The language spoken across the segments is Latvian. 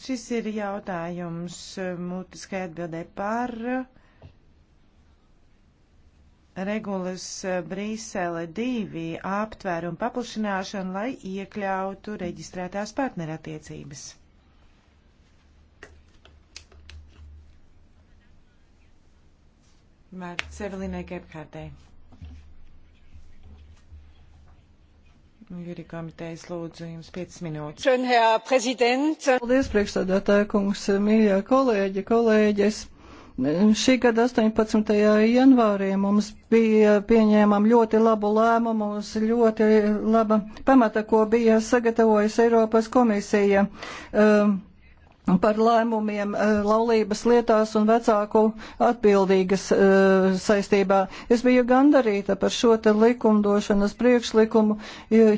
Šis ir jautājums eh, mutiskai atbildē par eh, regulas eh, Brīsele 2 aptvērumu paplašināšanu, lai iekļautu reģistrētās partnerattiecības. Mērķis Evelīnai Gebhardai. Jurija komitejas lūdzu jums 5 minūtes. Šodien, herr prezident. Paldies, priekšstādātāja kungs, mīļā kolēģi, kolēģis. Šī gada 18. janvārī mums bija pieņēmām ļoti labu lēmumu uz ļoti laba pamata, ko bija sagatavojusi Eiropas komisija. Um, par lēmumiem eh, laulības lietās un vecāku atbildīgas uh, saistībā. Es biju gandarīta par šo te likumdošanas priekšlikumu,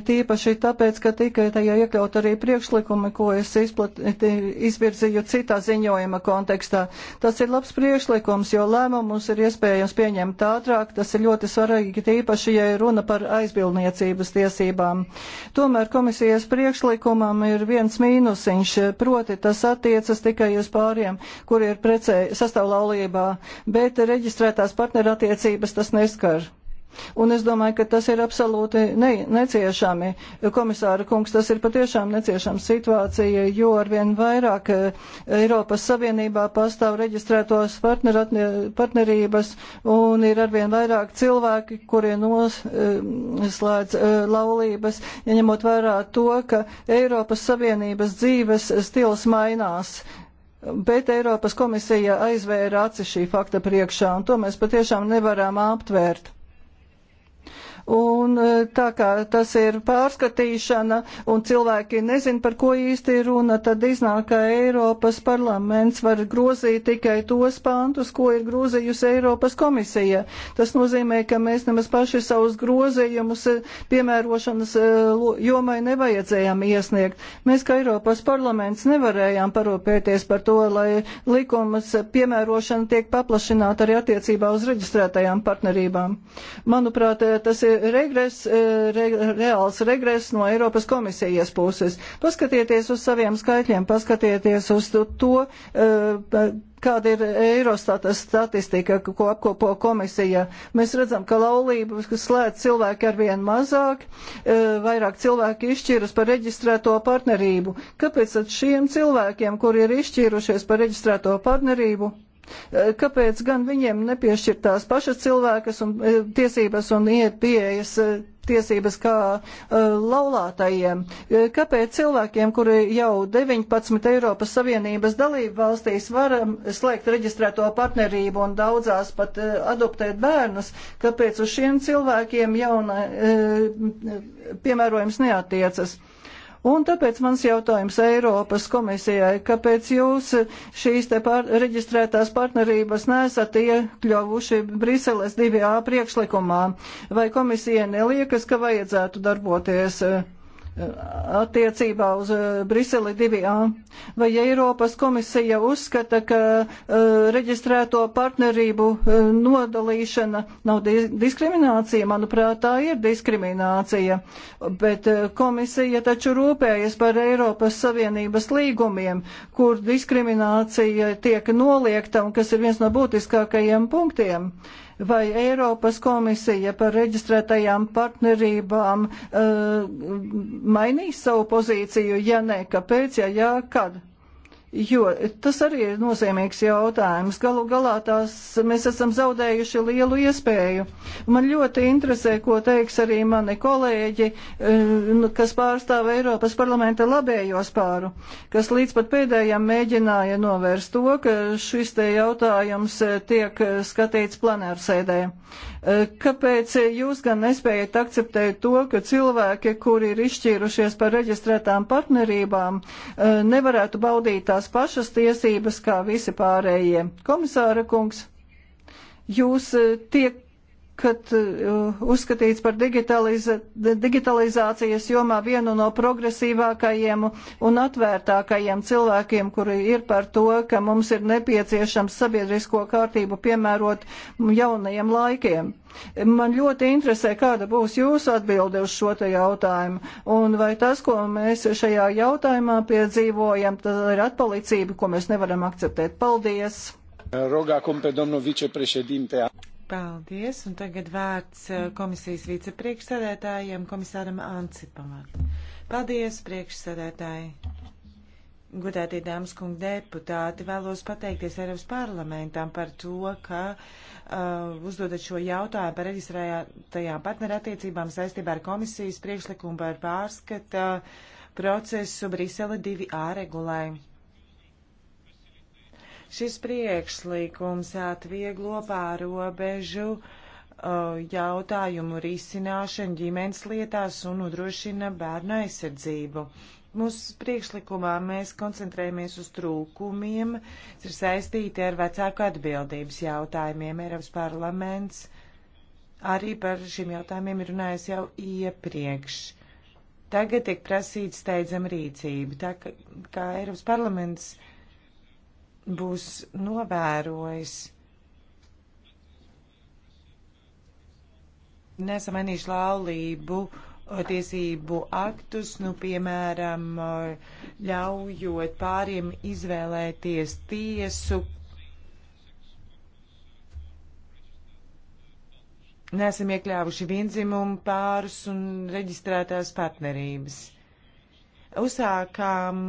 tīpaši tāpēc, ka tikai tajā iekļaut arī priekšlikumi, ko es izplat, izvirzīju citā ziņojuma kontekstā. Tas ir labs priekšlikums, jo lēmumus ir iespējams pieņemt ātrāk, tas ir ļoti svarīgi, tīpaši, ja runa par aizbildniecības tiesībām. Tomēr komisijas priekšlikumam ir viens mīnusiņš, proti tas attiecas tikai uz pāriem, kuri ir precēji sastāvlaulībā, bet reģistrētās partnerattiecības tas neskar. Un es domāju, ka tas ir absolūti ne, neciešami. Komisāra kungs, tas ir patiešām neciešama situācija, jo arvien vairāk eh, Eiropas Savienībā pastāv reģistrētos partner, partnerības un ir arvien vairāk cilvēki, kuri noslēdz eh, eh, laulības, ja ņemot vērā to, ka Eiropas Savienības dzīves stils mainās. Bet Eiropas komisija aizvēra aci šī fakta priekšā, un to mēs patiešām nevaram aptvērt. Un e, tā kā tas ir pārskatīšana un cilvēki nezin, par ko īsti ir runa, tad iznāk, ka Eiropas parlaments var grozīt tikai tos pantus, ko ir grozījusi Eiropas komisija. Tas nozīmē, ka mēs nemaz paši savus grozījumus e, piemērošanas e, jomai nevajadzējām iesniegt. Mēs, kā Eiropas parlaments, nevarējām parūpēties par to, lai likumas piemērošana tiek paplašināta arī attiecībā uz reģistrētajām partnerībām. Manuprāt, tas ir regres, eh, re, reāls regres no Eiropas komisijas puses. Paskatieties uz saviem skaitļiem, paskatieties uz to, eh, kāda ir Eurostata statistika, ko apkopo komisija. Mēs redzam, ka laulības slēdz cilvēki ar vien mazāk, eh, vairāk cilvēki izšķiras par reģistrēto partnerību. Kāpēc tad šiem cilvēkiem, kuri ir izšķīrušies par reģistrēto partnerību, E, kāpēc gan viņiem nepiešķirt tās pašas cilvēkas un e, tiesības un iet pieejas e, tiesības kā uh, laulātajiem. Kāpēc cilvēkiem, kuri jau 19 Eiropas Savienības dalību valstīs var slēgt reģistrēto partnerību un daudzās pat uh, adoptēt bērnus, kāpēc uz šiem cilvēkiem jauna uh, piemērojums neatiecas? Uh, Un tāpēc mans jautājums Eiropas komisijai, kāpēc jūs šīs te pār, reģistrētās partnerības nesat iekļauvuši Briseles 2A priekšlikumā? Vai komisija neliekas, ka vajadzētu darboties? Uh, attiecībā uz eh, Briseli 2A. Vai Eiropas komisija uzskata, ka eh, reģistrēto partnerību eh, nodalīšana nav diskriminācija? Manuprāt, tā ir diskriminācija, bet komisija taču rūpējas par Eiropas Savienības līgumiem, kur diskriminācija tiek noliekta un kas ir viens no būtiskākajiem punktiem. Uh, Vai Eiropas komisija par reģistrētajām partnerībām uh, mainīs savu pozīciju? Ja nē, kāpēc? Ja jā, kad? Jo tas arī ir nozīmīgs jautājums. Galu galā tās mēs esam zaudējuši lielu iespēju. Man ļoti interesē, ko teiks arī mani kolēģi, eh, nu, kas pārstāv Eiropas parlamenta labējo spāru, kas līdz pat pēdējiem mēģināja novērst to, ka šis te jautājums eh, tiek eh, skatīts plenārsēdē. Kāpēc jūs gan nespējat akceptēt to, ka cilvēki, kuri ir izšķīrušies par reģistrētām partnerībām, nevarētu baudīt tās tās pašas tiesības kā visi pārējie. Komisāra kungs, jūs eh, tiek kad eh, uzskatīts par digitalizācijas jomā vienu no progresīvākajiem un atvērtākajiem cilvēkiem, kuri ir par to, ka mums ir nepieciešams sabiedrisko kārtību piemērot jaunajiem laikiem. Man ļoti interesē, kāda būs jūsu atbilde uz šo te jautājumu, un vai tas, ko mēs šajā jautājumā piedzīvojam, tas ir atpalicība, ko mēs nevaram akceptēt. Paldies! Rogacum pe domnul vicepreședinte. Paldies, un tagad vārds eh, komisijas vicepriekšsēdētājiem, komisāram Ancipam. Paldies, priekšsēdētāji! Godātie dāmas kungi deputāti, vēlos pateikties Eiropas parlamentam par to, ka uh, uzdodat šo jautājumu par reģistrētajām partnerattiecībām saistībā ar komisijas priekšlikumu par pārskata procesu Brisele 2A regulējumu. Šis priekšlikums atvieglo pārobežu uh, jautājumu risināšanu ģimenes lietās un nodrošina bērnu aizsardzību. Mūsu priekšlikumā mēs koncentrējamies uz trūkumiem, kas ir saistīti ar vecāku atbildības jautājumiem. Eiropas parlaments arī par šiem jautājumiem ir runājis jau iepriekš. Tagad tiek prasīta steidzama rīcība, tā kā, kā Eiropas parlaments uh, būs novērojis. Nesam mainījuši laulību uh, tiesību aktus, nu, piemēram, uh, ļaujot pāriem izvēlēties tiesu. Nesam iekļāvuši vienzimumu pārus un reģistrētās partnerības uzsākām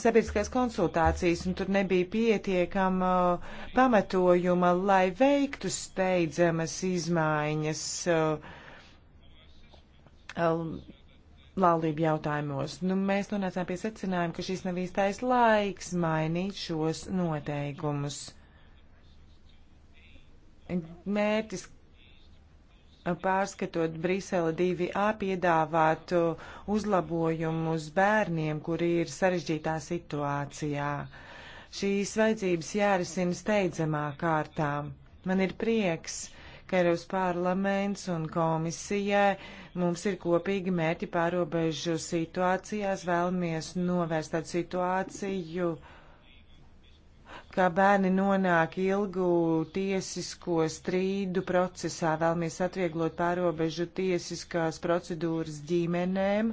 sabiedriskās konsultācijas, un tur nebija pietiekama pamatojuma, lai veiktu steidzamas izmaiņas laulību jautājumos. Nu, mēs nonācām pie secinājuma, ka šis nav īstais laiks mainīt šos noteikumus. Mērķis, pārskatot Brisele 2A piedāvātu uzlabojumus bērniem, kuri ir sarežģītā situācijā. Šīs vajadzības jārisina steidzamā kārtā. Man ir prieks, ka Eiropas parlaments un komisijai mums ir kopīgi mērķi pārobežu situācijās, vēlamies novērst tādu situāciju, uh, kā bērni nonāk ilgu tiesisko strīdu procesā. Vēlamies atvieglot pārobežu tiesiskās procedūras ģimenēm,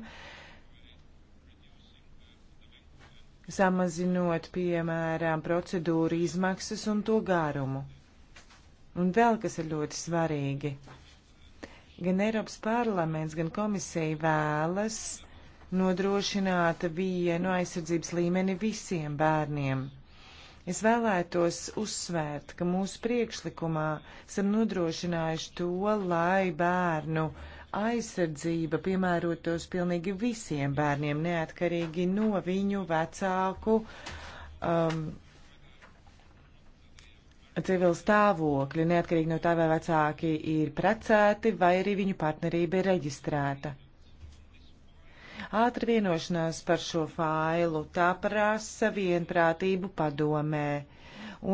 samazinot, piemēram, procedūru izmaksas un to garumu. Un vēl kas ir ļoti svarīgi. Gan Eiropas parlaments, gan komisija vēlas nodrošināt vienu aizsardzības līmeni visiem bērniem Es vēlētos uzsvērt, ka mūsu priekšlikumā esam nodrošinājuši to, lai bērnu aizsardzība piemērotos pilnīgi visiem bērniem, neatkarīgi no viņu vecāku um, civil stāvokļa, neatkarīgi no tā, vai vecāki ir precēti vai arī viņu partnerība ir reģistrēta. Ātri vienošanās par šo failu tā prasa vienprātību padomē.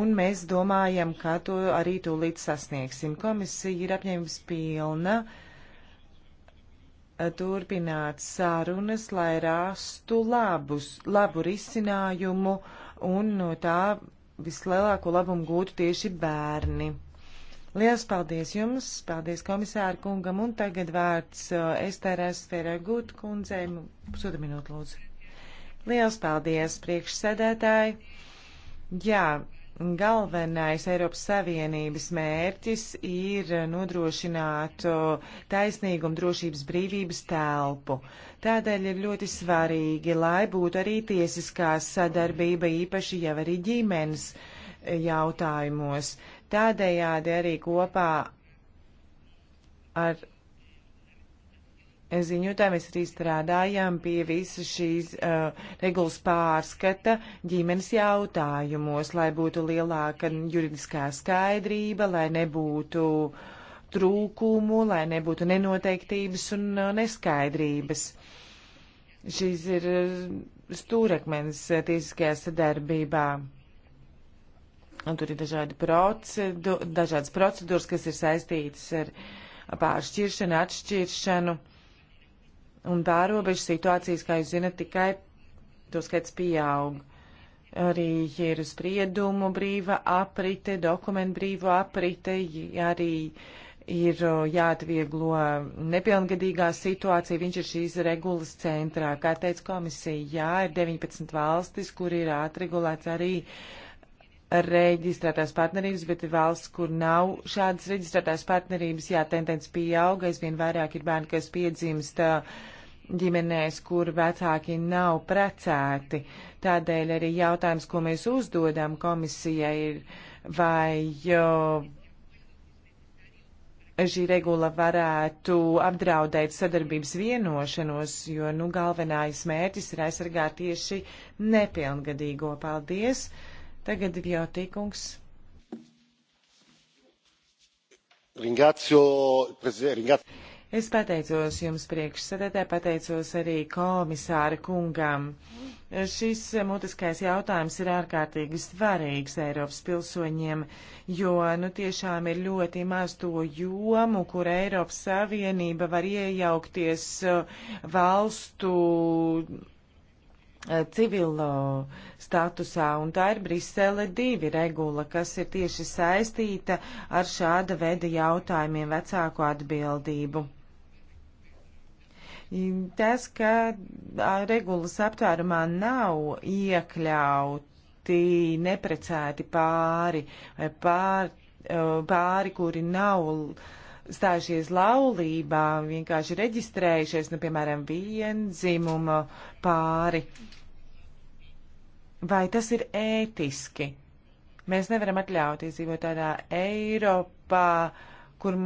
Un mēs domājam, kā to arī tūlīt sasniegsim. Komisija ir apņēmības pilna eh, turpināt sarunas, lai rastu labus, labu risinājumu un no tā vislielāko labumu gūtu tieši bērni. Liels paldies jums, paldies komisāru kungam, un tagad vārds uh, Esterēs Feragūt kundzei. Pusotra minūte, lūdzu. Liels paldies, priekšsēdētāji. Jā, Galvenais Eiropas Savienības mērķis ir nodrošināt uh, taisnīgumu drošības brīvības telpu. Tādēļ ir ļoti svarīgi, lai būtu arī tiesiskā sadarbība, īpaši jau arī ģimenes uh, jautājumos. Tādējādi arī kopā ar ziņotājiem mēs arī strādājām pie visas šīs uh, regulas pārskata ģimenes jautājumos, lai būtu lielāka juridiskā skaidrība, lai nebūtu trūkumu, lai nebūtu nenoteiktības un uh, neskaidrības. Šis ir uh, stūrakmens tiesiskajā sadarbībā. Un tur ir dažādi procedu, dažādas procedūras, kas ir saistītas ar pāršķiršanu, atšķiršanu un pārobežu situācijas, kā jūs zinat, tikai to skaits pieaug. Arī ir spriedumu brīva aprite, dokumentu brīva aprite, arī ir jāatvieglo nepilngadīgā situācija. Viņš ir šīs regulas centrā. Kā teica komisija, jā, ir 19 valstis, kur ir atregulēts arī uh, reģistrētās partnerības, bet ir valsts, kur nav šādas reģistrētās partnerības. Jā, tendence pieauga, aizvien vairāk ir bērni, kas piedzimst uh, ģimenēs, kur vecāki nav precēti. Tādēļ arī jautājums, ko mēs uzdodam komisijai, ir vai jo, uh, šī regula varētu apdraudēt sadarbības vienošanos, jo, nu, galvenais mērķis ir aizsargāt tieši nepilngadīgo. Paldies! Tagad ir jātīkungs. Ringācio, ringācio. Es pateicos jums priekšsēdētē, pateicos arī komisāra kungam. Šis mutiskais jautājums ir ārkārtīgi svarīgs Eiropas pilsoņiem, jo nu tiešām ir ļoti maz to jomu, kur Eiropas Savienība var iejaukties uh, valstu Eh, civilo statusā, un tā ir Brisele 2 regula, kas ir tieši saistīta ar šāda veida jautājumiem vecāku atbildību. Tas, ka regulas aptvērumā nav iekļauti neprecēti pāri vai pār, eh, pāri, kuri nav uh, stājušies laulībā, vienkārši reģistrējušies, nu, piemēram, vienzimuma pāri. Vai tas ir ētiski? Mēs nevaram atļauties dzīvot tādā Eiropā, kur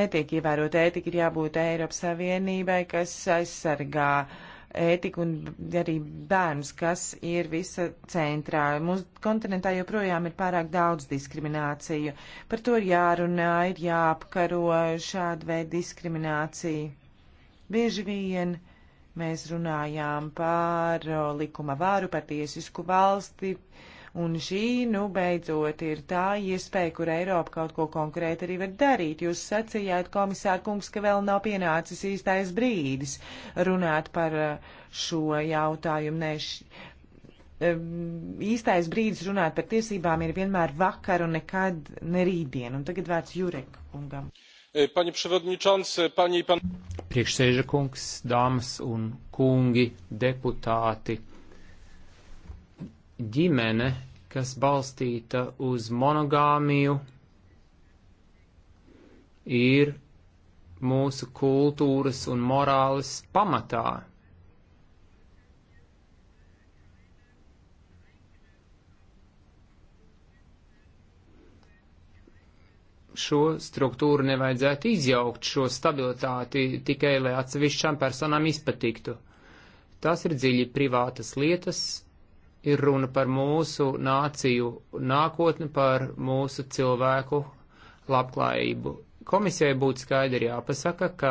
netiek ievērota ētika, ir jābūt Eiropas Savienībai, kas aizsargā uh, ētiku un arī bērnus, kas ir visa centrā. Mūsu kontinentā joprojām ir pārāk daudz diskrimināciju. Par to ir jārunā, ir jāapkaro šāda veida diskriminācija. Bieži vien mēs runājām par likuma vāru, par tiesisku valsti, uh, Un šī, nu, beidzot, ir tā iespēja, kur Eiropa kaut ko konkrēti arī var darīt. Jūs sacījāt, komisār kungs, ka vēl nav pienācis īstais brīdis runāt par eh, šo jautājumu. Nē, š... Eh, īstais brīdis runāt par tiesībām ir vienmēr vakar un nekad nerīdien. Un tagad vērts Jurek kungam. Eh, panie przewodniczący, panie i pan. Priekšsēža kungs, dāmas un kungi, deputāti ģimene, kas balstīta uz monogāmiju, ir mūsu kultūras un morāles pamatā. Šo struktūru nevajadzētu izjaukt, šo stabilitāti tikai, lai atsevišķām personām izpatiktu. Tas ir dziļi privātas lietas, ir runa par mūsu nāciju nākotni, par mūsu cilvēku labklājību. Komisijai būtu skaidri jāpasaka, ka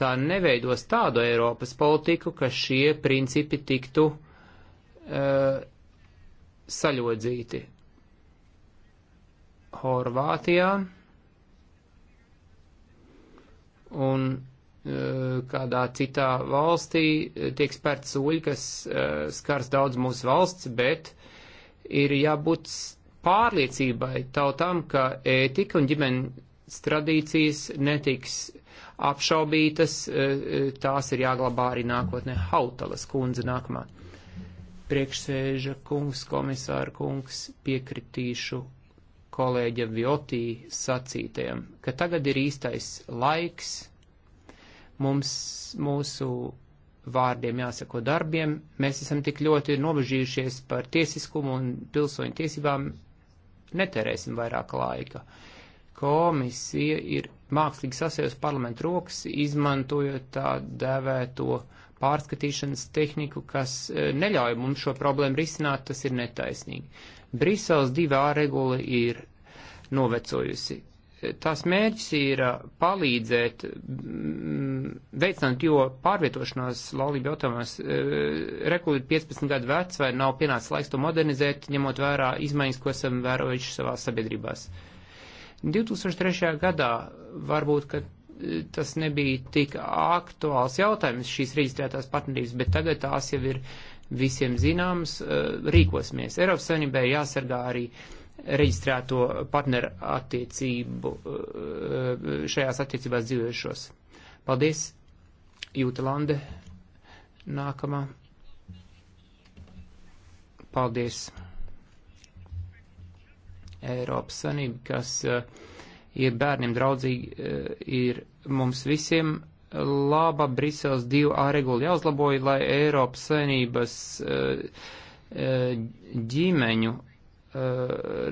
tā neveidos tādu Eiropas politiku, ka šie principi tiktu uh, saļodzīti. Horvātijā un Eh, kādā citā valstī eh, tiek spērt soļi, kas eh, skars daudz mūsu valsts, bet ir jābūt pārliecībai tautām, ka ētika un ģimenes tradīcijas netiks apšaubītas, tās ir jāglabā arī nākotnē. Hautalas kundze nākamā. Priekšsēža kungs, komisāra kungs, piekritīšu kolēģa Viotī sacītajam, ka tagad ir īstais laiks Mums mūsu vārdiem jāsako darbiem. Mēs esam tik ļoti nobežījušies par tiesiskumu un pilsoņu tiesībām, netērēsim vairāk laika. Komisija ir mākslīgi sasējusi parlamentu rokas, izmantojot tā dēvēto pārskatīšanas tehniku, kas eh, neļauj mums šo problēmu risināt, tas ir netaisnīgi. Brisels 2A regula ir novecojusi tās mērķis ir uh, palīdzēt, mm, veicināt, jo pārvietošanās laulību jautājumos rekuli ir 15 gadu vecs vai nav pienācis laiks to modernizēt, ņemot vērā izmaiņas, ko esam vērojuši savās sabiedrībās. 2003. gadā varbūt, ka uh, tas nebija tik aktuāls jautājums šīs reģistrētās partnerības, bet tagad tās jau ir visiem zināmas, uh, rīkosimies. Eiropas Savienībai jāsargā arī uh, reģistrēto partneru attiecību eh, šajās attiecībās dzīvojušos. Paldies, Jūta Lande. Nākamā. Paldies. Eiropas Sanība, kas eh, ir bērniem draudzīgi, eh, ir mums visiem laba Briseles 2A regula jāuzlaboja, lai Eiropas Savienības ģimeņu Eh,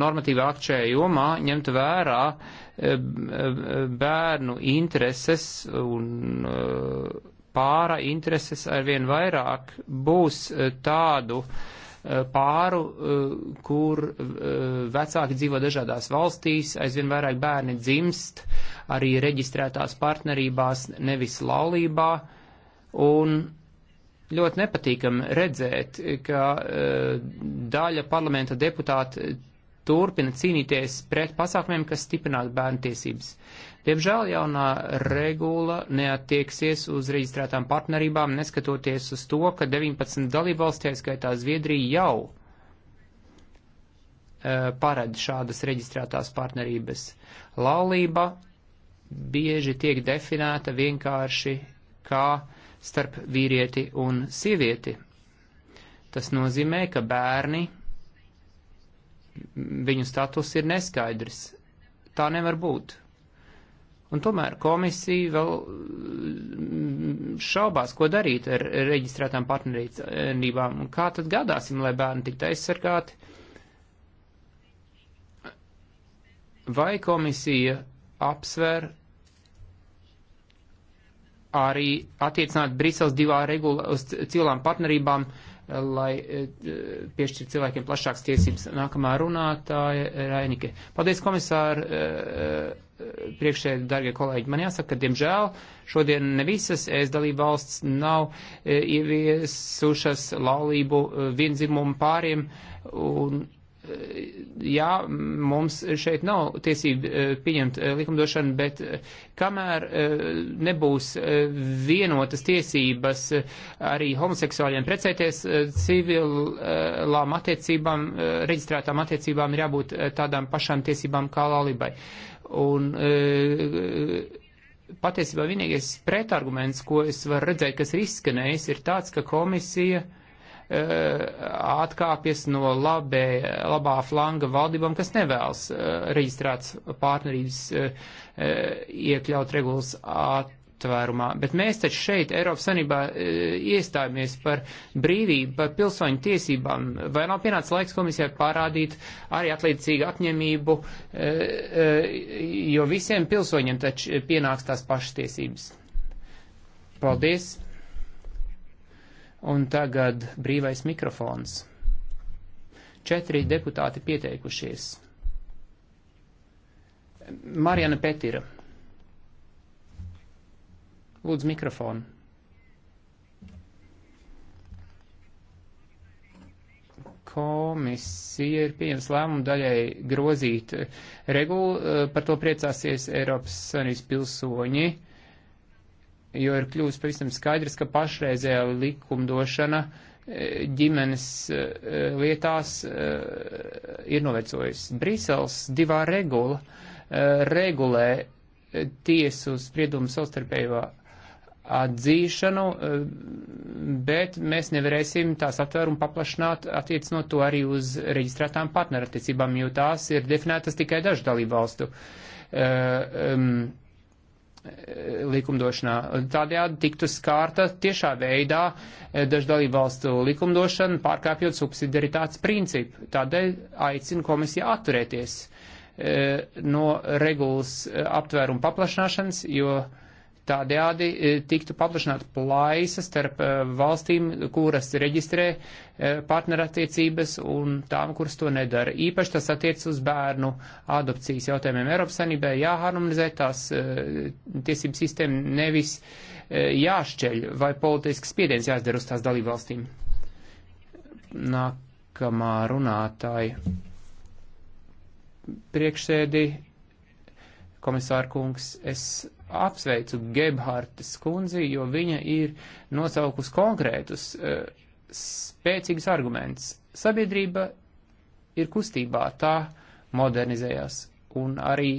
normatīva akčēja jomā ņemt vērā eh, bērnu intereses un eh, pāra intereses arvien vairāk būs tādu pāru, kur vecāki dzīvo dažādās valstīs, aizvien vairāk bērni dzimst, arī reģistrētās partnerībās, nevis laulībā, un ļoti nepatīkami redzēt, ka eh, daļa parlamenta deputāti eh, turpina cīnīties pret pasākumiem, kas stiprinātu bērnu tiesības. Diemžēl jaunā regula neattieksies uz reģistrētām partnerībām, neskatoties uz to, ka 19 dalībvalstī, skaitā Zviedrija, jau eh, paredz šādas reģistrētās partnerības. Laulība bieži tiek definēta vienkārši kā uh, starp vīrieti un sievieti. Tas nozīmē, ka bērni, viņu status ir neskaidrs. Tā nevar būt. Un tomēr komisija vēl mm, šaubās, ko darīt ar reģistrētām partnerībām. Kā tad gādāsim, lai bērni tiktu aizsargāti? Vai komisija apsver arī attiecināt Brisels divā regula uz cilvēm partnerībām, eh, lai eh, piešķir cilvēkiem plašāks tiesības. Nākamā runātāja eh, Rainike. Paldies, komisāri, priekšēji, dargie kolēģi. Man jāsaka, ka, diemžēl, šodien ne visas ES dalība valsts nav ieviesušas laulību vienzimumu pāriem. Un, jā, mums šeit nav tiesība eh, pieņemt eh, likumdošanu, bet eh, kamēr nebūs vienotas tiesības arī homoseksuāļiem precēties, civilām attiecībām, reģistrētām attiecībām ir jābūt tādām pašām tiesībām kā laulībai. Un, Patiesībā vienīgais pretarguments, ko es varu redzēt, kas ir izskanējis, ir tāds, ka komisija uh, Eh, atkāpjas no labē, labā flanga valdībām, kas nevēlas eh, reģistrētas partnerības eh, iekļaut regulas atkāpjas aptvērumā, bet mēs taču šeit Eiropas Sanībā iestājāmies par brīvību, par pilsoņu tiesībām. Vai nav pienācis laiks komisijai parādīt arī atliecīgu apņemību, jo visiem pilsoņiem taču pienāks tās pašas tiesības? Paldies! Un tagad brīvais mikrofons. Četri deputāti pieteikušies. Marijana Petira. Lūdzu mikrofonu. Komisija ir pieņems lēmumu daļai grozīt regulu, par to priecāsies Eiropas Savienības pilsoņi. Uh, jo ir kļūst pavisam skaidrs, ka pašreizējā likumdošana e, ģimenes e, e, lietās ir novecojusi. Brīseles divā regula regulē tiesu spriedumu savstarpējā atzīšanu, bet mēs nevarēsim tās aptvērumu paplašināt attiecinot to arī uz reģistrētām partnerattiecībām, jo tās ir definētas tikai dažu dalību valstu. Uh, um, likumdošanā. Tādējādi tiktu skārta tiešā veidā e, dažu dalību valstu likumdošana, pārkāpjot subsidiaritātes principu. Tādēļ aicinu komisiju atturēties e, no regulas e, aptvērumu paplašināšanas, jo uh, Tādējādi e, tiktu paplašināta plaisa starp e, valstīm, kuras reģistrē e, partnerattiecības un tām, kuras to nedara. Īpaši tas attiec uz bērnu adopcijas jautājumiem. Eiropas Sanībā jāharmonizē tās tiesību sistēma nevis jāšķeļ vai politisks spiediens jāizdara uz tās dalību valstīm. Nākamā runātāja priekšsēdi, komisārkungs, es apsveicu Gebhartas kundzi, jo viņa ir nosaukus konkrētus eh, spēcīgus argumentus. Sabiedrība ir kustībā, tā modernizējās. Un arī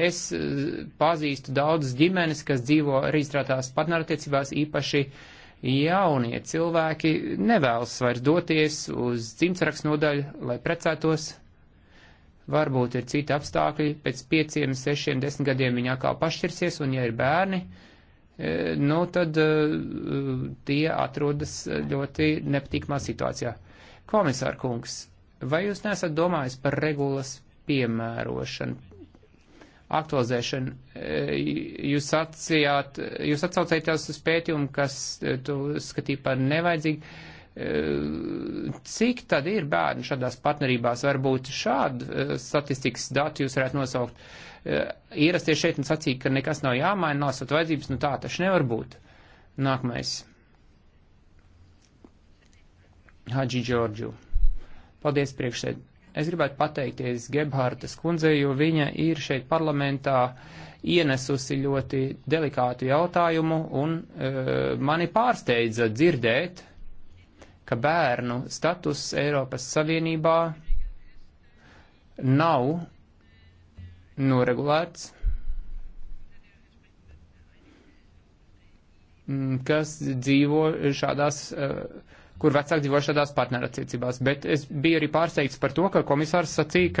es eh, pazīstu daudzas ģimenes, kas dzīvo rīstrātās partnerattiecībās, īpaši jaunie cilvēki nevēlas vairs doties uz dzimtsrakstu nodaļu, lai precētos, varbūt ir citi apstākļi, pēc pieciem, sešiem, desmit gadiem viņi atkal pašķirsies, un ja ir bērni, e, nu tad e, tie atrodas ļoti nepatīkamā situācijā. Komisār kungs, vai jūs nesat domājis par regulas piemērošanu, aktualizēšanu? E, jūs sacījāt, jūs atsaucējāt uz pētījumu, kas tu skatīja par nevajadzīgu Eh, cik tad ir bērni šādās partnerībās? Varbūt šādu eh, statistikas datu jūs varētu nosaukt. Eh, ierasties šeit un sacīt, ka nekas nav jāmaina, nav sat vajadzības, nu tā taču nevar būt. Nākamais. Hadži Džordžu. Paldies priekšsēd. Es gribētu pateikties Gebhārtas kundzei, jo viņa ir šeit parlamentā ienesusi ļoti delikātu jautājumu un e, mani pārsteidza dzirdēt, e, ka bērnu status Eiropas Savienībā nav noregulēts, mm, kas dzīvo šādās, eh, kur vecāki dzīvo šādās partnerattiecībās. Bet es biju arī pārsteigts par to, ka komisārs sacīja,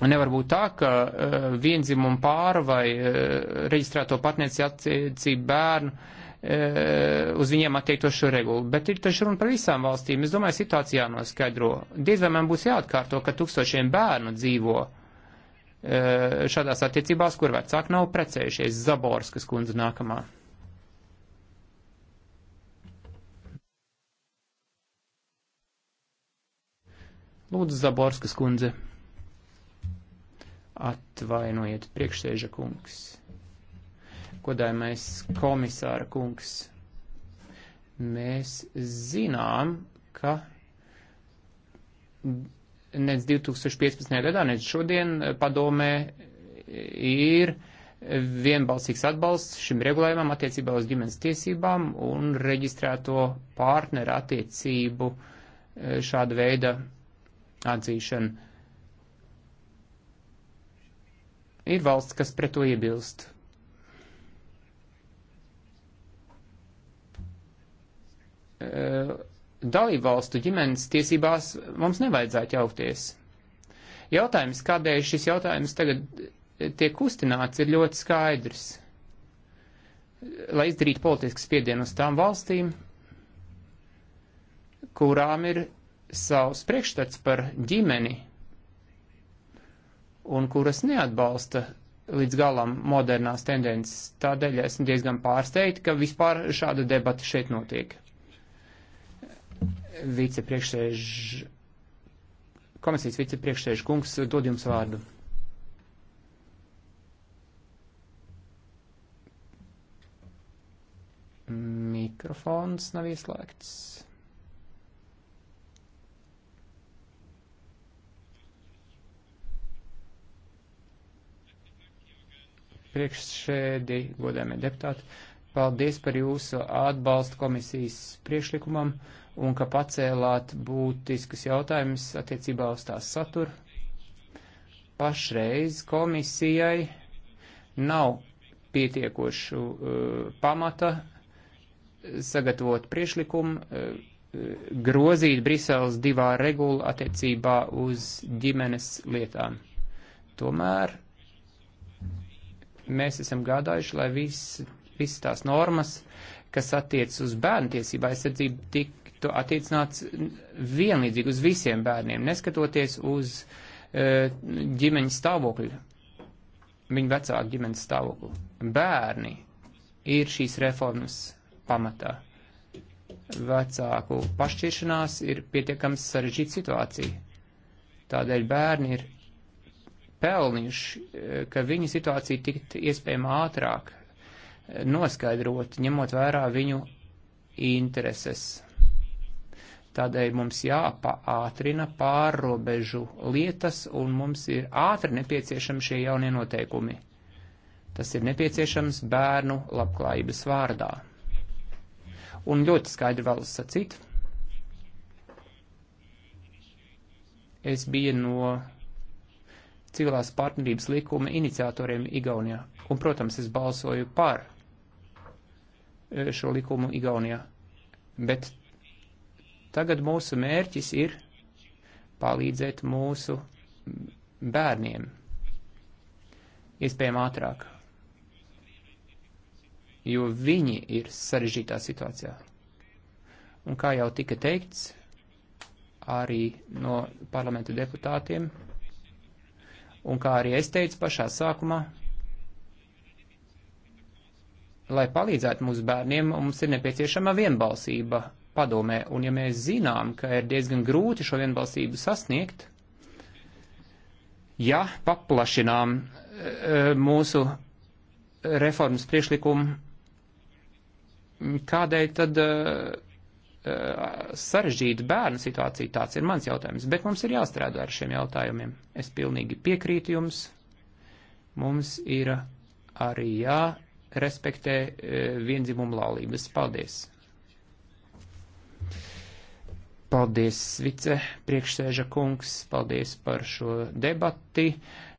ka nevar būt tā, ka eh, vienzimumu pāru vai eh, reģistrēto partnerattiecību bērnu Eh, uz viņiem attiektos šo regulu. Bet ir taču runa par visām valstīm. Es domāju, situācija jānoskaidro. Diez vai man būs jāatkārto, ka tūkstošiem bērnu dzīvo eh, šādās attiecībās, kur vecāki nav precējušies. Zaborskas kundze nākamā. Lūdzu, Zaborskas kundze. Atvainojiet, priekšsēža kungs. Godājumais komisāra kungs, mēs zinām, ka nec 2015. gadā, nec šodien padomē ir vienbalsīgs atbalsts šim regulējumam attiecībā uz ģimenes tiesībām un reģistrēto partneru attiecību eh, šāda veida atzīšana. Ir valsts, kas pret to iebilst. Eh, dalībvalstu ģimenes tiesībās mums nevajadzētu jaukties. Jautājums, kādēļ šis jautājums tagad tiek kustināts, ir ļoti skaidrs. Lai izdarītu politisku spiedienu uz tām valstīm, kurām ir savs priekšstats par ģimeni un kuras neatbalsta līdz galam modernās tendences. Tādēļ esmu diezgan pārsteigta, ka vispār šāda debata šeit notiek vicepriekšsēž, komisijas vicepriekšsēž kungs, dod jums vārdu. Mikrofons nav ieslēgts. Priekšsēdi, godējumie deputāti. Paldies par jūsu atbalstu komisijas priekšlikumam un ka pacēlāt būtiskus jautājumus attiecībā uz tās saturu. Pašreiz komisijai nav pietiekošu uh, pamata sagatavot priešlikumu, uh, grozīt Briseles divā regula attiecībā uz ģimenes lietām. Tomēr mēs esam gādājuši, lai viss visas tās normas, kas attiec uz bērnu tiesību aizsardzību, tiktu attiecināts vienlīdzīgi uz visiem bērniem, neskatoties uz e, ģimeņa stāvokļu, viņu vecāku ģimenes stāvokli. Bērni ir šīs reformas pamatā. Vecāku pašķiršanās ir pietiekams sarežģīta situācija. Tādēļ bērni ir pelnījuši, e, ka viņa situācija tikt iespējama ātrāk noskaidrot, ņemot vērā viņu intereses. Tādēļ mums jāpaātrina pārrobežu lietas un mums ir ātri nepieciešami šie jaunie noteikumi. Tas ir nepieciešams bērnu labklājības vārdā. Un ļoti skaidri vēlas sacīt. Es biju no civilās partnerības likuma iniciatoriem Igaunijā, un, protams, es balsoju par E, šo likumu Igaunijā. Bet tagad mūsu mērķis ir palīdzēt mūsu bērniem, iespējami ātrāk, jo viņi ir sarežģītā situācijā. Un kā jau tika teikts, arī no parlamenta deputātiem, un kā arī es teicu pašā sākumā, lai palīdzētu mūsu bērniem, mums ir nepieciešama vienbalsība padomē. Un ja mēs zinām, ka ir diezgan grūti šo vienbalsību sasniegt, ja paplašinām e, e, mūsu reformas priešlikumu, kādēļ tad e, sarežģīta bērnu situācija, tāds ir mans jautājums. Bet mums ir jāstrādā ar šiem jautājumiem. Es pilnīgi piekrītu jums. Mums ir arī jā respektē e, vienzimumu laulības. Paldies! Paldies, Vice priekšsēža kungs, paldies par šo debati.